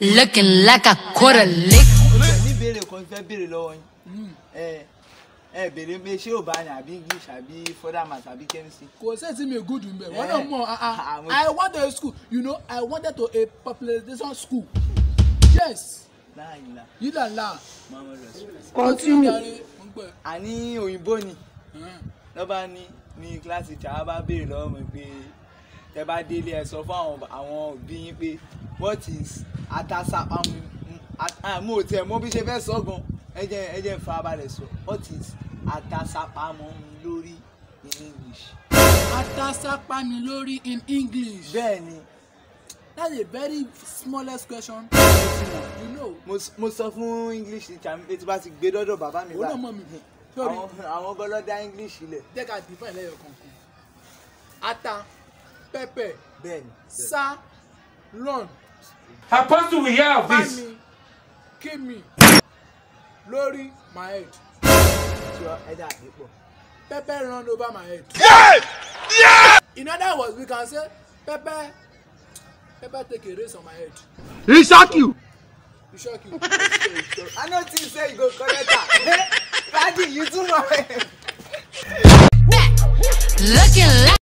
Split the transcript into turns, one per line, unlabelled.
looking like a quarter lick.
ní ìbéèrè kan fẹ́ béèrè lọ́wọ́ yín ẹ ẹ béèrè pé ṣé ò àbí english àbí further math àbí chemistry.
kò sẹ́ẹ̀ tí mi ò mbẹ̀ wọ́n náà mọ̀ ah, ah. Ah, i want a school you know i wanted to a popularization school yes yílà ńlá.
continue. àní òyìnbó ni lọ́ba ní ní kíláàsì tí a bá béèrè lọ́wọ́ mi pé tẹ bá délé ẹ sọ fún àwọn òbí yín pé what is àtàsà um, ah, mo òtí ẹ̀ mọ́ bí ṣe fẹ́ sọ́gun ẹ̀jẹ̀ fa farabalẹ̀ sọ what is àtàsàpamọ́ mi lórí in English.
àtàsàpá mi lórí in English. bẹ́ẹ̀ni. that's a very smallest
question. you know. mo sọ fún English teacher mi pé tí bá ti gbé dọ́dọ̀ bàbá mi báyìí. ó náà
mọ̀ mi bẹ̀. àwọn bọ́lọ́dá English lẹ̀. jẹ́ ká define lẹ́yọ̀ kankan. ata pepper. bẹ́ẹ̀ni. sa lọ́n Apostle we hear of this. Kill me. Lórí my head. Pepper run over my head. Yeah! Yeah! In other words, we can say, Pepper, Pepper take a race on my head. He shock you. He shock you. I know what you say you go correct that.
Daddy, you do my head. Looking